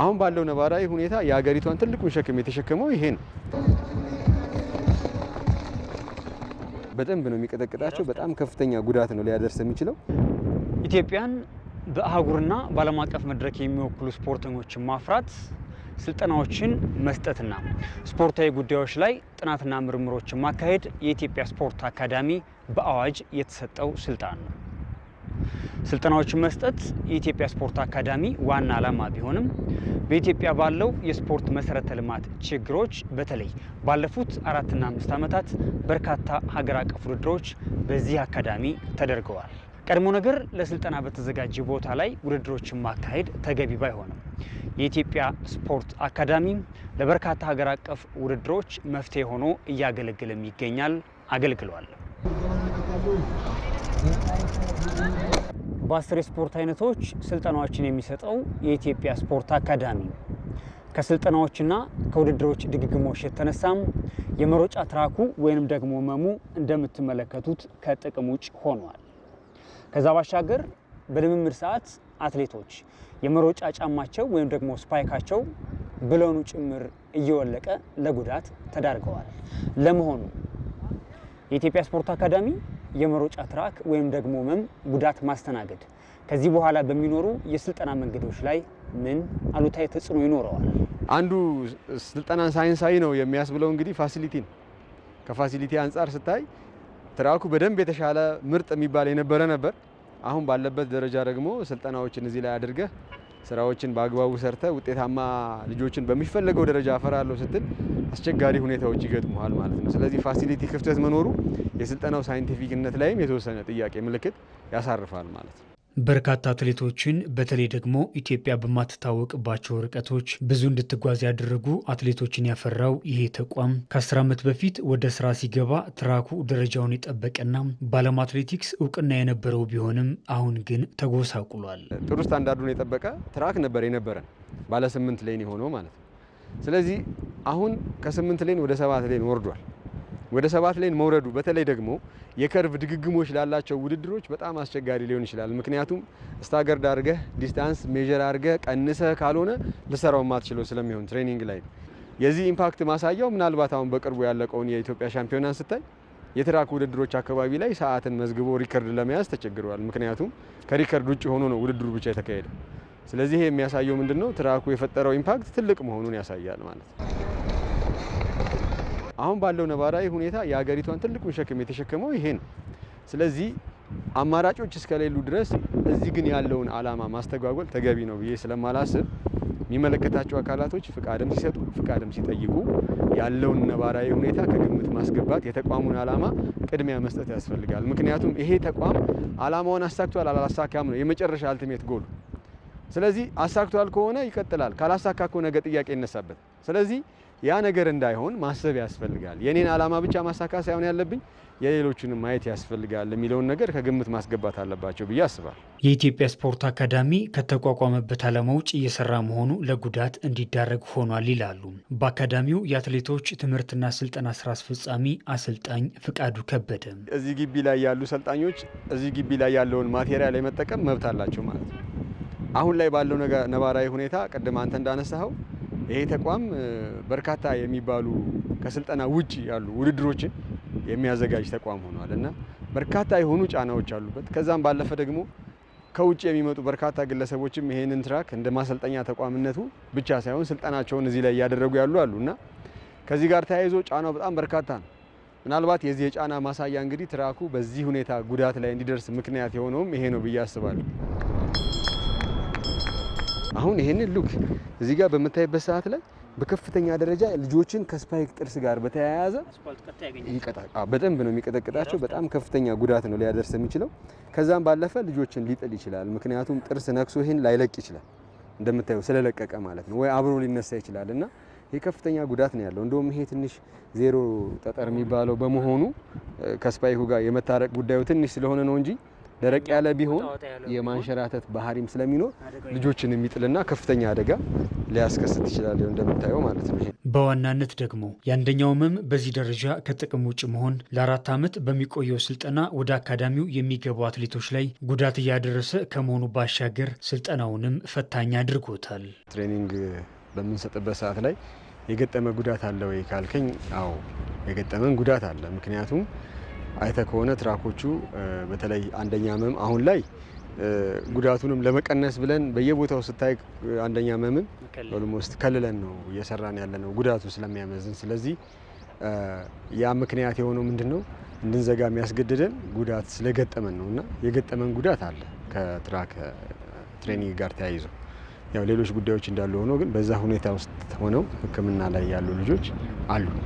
አሁን ባለው ነባራዊ ሁኔታ የሀገሪቷን ትልቁን ሸክም የተሸከመው ይሄ ነው። በደንብ ነው የሚቀጠቅጣቸው። በጣም ከፍተኛ ጉዳት ነው ሊያደርስ የሚችለው። ኢትዮጵያን በአህጉርና በዓለም አቀፍ መድረክ የሚወክሉ ስፖርተኞችን ማፍራት ስልጠናዎችን መስጠትና ስፖርታዊ ጉዳዮች ላይ ጥናትና ምርምሮችን ማካሄድ የኢትዮጵያ ስፖርት አካዳሚ በአዋጅ የተሰጠው ስልጣን ነው። ስልጠናዎችን መስጠት የኢትዮጵያ ስፖርት አካዳሚ ዋና ዓላማ ቢሆንም በኢትዮጵያ ባለው የስፖርት መሰረተ ልማት ችግሮች በተለይ ባለፉት አራትና አምስት ዓመታት በርካታ ሀገር አቀፍ ውድድሮች በዚህ አካዳሚ ተደርገዋል። ቀድሞ ነገር ለስልጠና በተዘጋጀ ቦታ ላይ ውድድሮችን ማካሄድ ተገቢ ባይሆንም የኢትዮጵያ ስፖርት አካዳሚ ለበርካታ ሀገር አቀፍ ውድድሮች መፍትሄ ሆኖ እያገለግልም ይገኛል፣ አገልግሏል። በአስር የስፖርት አይነቶች ስልጠናዎችን የሚሰጠው የኢትዮጵያ ስፖርት አካዳሚ ነው። ከስልጠናዎችና ከውድድሮች ድግግሞች የተነሳም የመሮጫ ትራኩ ወይንም ደግሞ መሙ እንደምትመለከቱት ከጥቅም ውጭ ሆኗል። ከዛ ባሻገር በልምምድ ሰዓት አትሌቶች የመሮጫ ጫማቸው ወይም ደግሞ ስፓይካቸው ብለኑ ጭምር እየወለቀ ለጉዳት ተዳርገዋል። ለመሆኑ የኢትዮጵያ ስፖርት አካዳሚ የመሮጫ ትራክ ወይም ደግሞ መም ጉዳት ማስተናገድ ከዚህ በኋላ በሚኖሩ የስልጠና መንገዶች ላይ ምን አሉታዊ ተጽዕኖ ይኖረዋል? አንዱ ስልጠና ሳይንሳዊ ነው የሚያስብለው እንግዲህ ፋሲሊቲ ነው። ከፋሲሊቲ አንጻር ስታይ ትራኩ በደንብ የተሻለ ምርጥ የሚባል የነበረ ነበር። አሁን ባለበት ደረጃ ደግሞ ስልጠናዎችን እዚህ ላይ አድርገህ ስራዎችን በአግባቡ ሰርተ ውጤታማ ልጆችን በሚፈለገው ደረጃ አፈራለሁ ስትል አስቸጋሪ ሁኔታዎች ይገጥመዋል ማለት ነው። ስለዚህ ፋሲሊቲ ክፍተት መኖሩ የስልጠናው ሳይንቲፊክነት ላይም የተወሰነ ጥያቄ ምልክት ያሳርፋል ማለት ነው። በርካታ አትሌቶችን በተለይ ደግሞ ኢትዮጵያ በማትታወቅባቸው ርቀቶች ብዙ እንድትጓዝ ያደረጉ አትሌቶችን ያፈራው ይሄ ተቋም ከአስር ዓመት በፊት ወደ ስራ ሲገባ ትራኩ ደረጃውን የጠበቀና በዓለም አትሌቲክስ እውቅና የነበረው ቢሆንም አሁን ግን ተጎሳቁሏል። ጥሩ ስታንዳርዱን የጠበቀ ትራክ ነበር የነበረን ባለ ስምንት ሌን የሆነው ማለት ነው። ስለዚህ አሁን ከስምንት ሌን ወደ ሰባት ሌን ወርዷል። ወደ ሰባት ላይ መውረዱ በተለይ ደግሞ የከርቭ ድግግሞች ላላቸው ውድድሮች በጣም አስቸጋሪ ሊሆን ይችላል። ምክንያቱም ስታገርድ አድርገህ ዲስታንስ ሜዥር አድርገህ ቀንሰህ ካልሆነ ልሰራው ማትችለው ስለሚሆን ትሬኒንግ ላይ የዚህ ኢምፓክት ማሳያው ምናልባት አሁን በቅርቡ ያለቀውን የኢትዮጵያ ሻምፒዮናን ስታይ የትራክ ውድድሮች አካባቢ ላይ ሰዓትን መዝግቦ ሪከርድ ለመያዝ ተቸግረዋል። ምክንያቱም ከሪከርድ ውጭ ሆኖ ነው ውድድሩ ብቻ የተካሄደ። ስለዚህ ይሄ የሚያሳየው ምንድን ነው? ትራኩ የፈጠረው ኢምፓክት ትልቅ መሆኑን ያሳያል ማለት ነው። አሁን ባለው ነባራዊ ሁኔታ የሀገሪቷን ትልቁን ሸክም የተሸከመው ይሄ ነው። ስለዚህ አማራጮች እስከሌሉ ድረስ እዚህ ግን ያለውን ዓላማ ማስተጓጎል ተገቢ ነው ብዬ ስለማላስብ የሚመለከታቸው አካላቶች ፍቃድም ሲሰጡ ፍቃድም ሲጠይቁ ያለውን ነባራዊ ሁኔታ ከግምት ማስገባት የተቋሙን ዓላማ ቅድሚያ መስጠት ያስፈልጋል። ምክንያቱም ይሄ ተቋም ዓላማውን አሳክቷል አላሳካም ነው የመጨረሻ አልቲሜት ጎሉ። ስለዚህ አሳክቷል ከሆነ ይቀጥላል፣ ካላሳካ ከሆነ ነገ ጥያቄ ይነሳበት። ስለዚህ ያ ነገር እንዳይሆን ማሰብ ያስፈልጋል። የኔን ዓላማ ብቻ ማሳካ ሳይሆን ያለብኝ የሌሎችንም ማየት ያስፈልጋል የሚለውን ነገር ከግምት ማስገባት አለባቸው ብዬ አስባል። የኢትዮጵያ ስፖርት አካዳሚ ከተቋቋመበት ዓላማ ውጭ እየሰራ መሆኑ ለጉዳት እንዲዳረግ ሆኗል ይላሉ በአካዳሚው የአትሌቶች ትምህርትና ስልጠና ስራ አስፈጻሚ አሰልጣኝ ፍቃዱ ከበደ። እዚህ ግቢ ላይ ያሉ ሰልጣኞች እዚህ ግቢ ላይ ያለውን ማቴሪያል የመጠቀም መብት አላቸው ማለት ነው አሁን ላይ ባለው ነባራዊ ሁኔታ ቅድም አንተ እንዳነሳኸው ይሄ ተቋም በርካታ የሚባሉ ከስልጠና ውጭ ያሉ ውድድሮችን የሚያዘጋጅ ተቋም ሆኗል እና በርካታ የሆኑ ጫናዎች አሉበት። ከዛም ባለፈ ደግሞ ከውጭ የሚመጡ በርካታ ግለሰቦችም ይሄንን ትራክ እንደ ማሰልጠኛ ተቋምነቱ ብቻ ሳይሆን ስልጠናቸውን እዚህ ላይ እያደረጉ ያሉ አሉ እና ከዚህ ጋር ተያይዞ ጫናው በጣም በርካታ ነው። ምናልባት የዚህ የጫና ማሳያ እንግዲህ ትራኩ በዚህ ሁኔታ ጉዳት ላይ እንዲደርስ ምክንያት የሆነውም ይሄ ነው ብዬ አስባለሁ። አሁን ይሄንን ሉክ እዚህ ጋር በምታይበት ሰዓት ላይ በከፍተኛ ደረጃ ልጆችን ከስፓይክ ጥርስ ጋር በተያያዘ ይቀጣል። በደንብ ነው የሚቀጠቅጣቸው። በጣም ከፍተኛ ጉዳት ነው ሊያደርስ የሚችለው። ከዛም ባለፈ ልጆችን ሊጥል ይችላል። ምክንያቱም ጥርስ ነክሶ ይህን ላይለቅ ይችላል፣ እንደምታየው ስለለቀቀ ማለት ነው። ወይ አብሮ ሊነሳ ይችላል እና ከፍተኛ ጉዳት ነው ያለው። እንደውም ይሄ ትንሽ ዜሮ ጠጠር የሚባለው በመሆኑ ከስፓይኩ ጋር የመታረቅ ጉዳዩ ትንሽ ስለሆነ ነው እንጂ ደረቅ ያለ ቢሆን የማንሸራተት ባህሪም ስለሚኖር ልጆችን የሚጥልና ከፍተኛ አደጋ ሊያስከስት ይችላል እንደምታየው ማለት ነው። በዋናነት ደግሞ የአንደኛው ህመም በዚህ ደረጃ ከጥቅም ውጭ መሆን ለአራት ዓመት በሚቆየው ስልጠና ወደ አካዳሚው የሚገቡ አትሌቶች ላይ ጉዳት እያደረሰ ከመሆኑ ባሻገር ስልጠናውንም ፈታኝ አድርጎታል። ትሬኒንግ በምንሰጥበት ሰዓት ላይ የገጠመ ጉዳት አለ ወይ ካልከኝ፣ አዎ የገጠመን ጉዳት አለ። ምክንያቱም አይተ ከሆነ ትራኮቹ በተለይ አንደኛ መም አሁን ላይ ጉዳቱንም ለመቀነስ ብለን በየቦታው ስታይ አንደኛ መምን ኦልሞስት ከልለን ነው እየሰራን ያለ ነው ጉዳቱ ስለሚያመዝን። ስለዚህ ያ ምክንያት የሆነው ምንድን ነው እንድንዘጋ የሚያስገድደን ጉዳት ስለገጠመን ነው እና የገጠመን ጉዳት አለ ከትራክ ትሬኒንግ ጋር ተያይዞ ያው ሌሎች ጉዳዮች እንዳሉ ሆኖ ግን በዛ ሁኔታ ውስጥ ሆነው ሕክምና ላይ ያሉ ልጆች አሉ።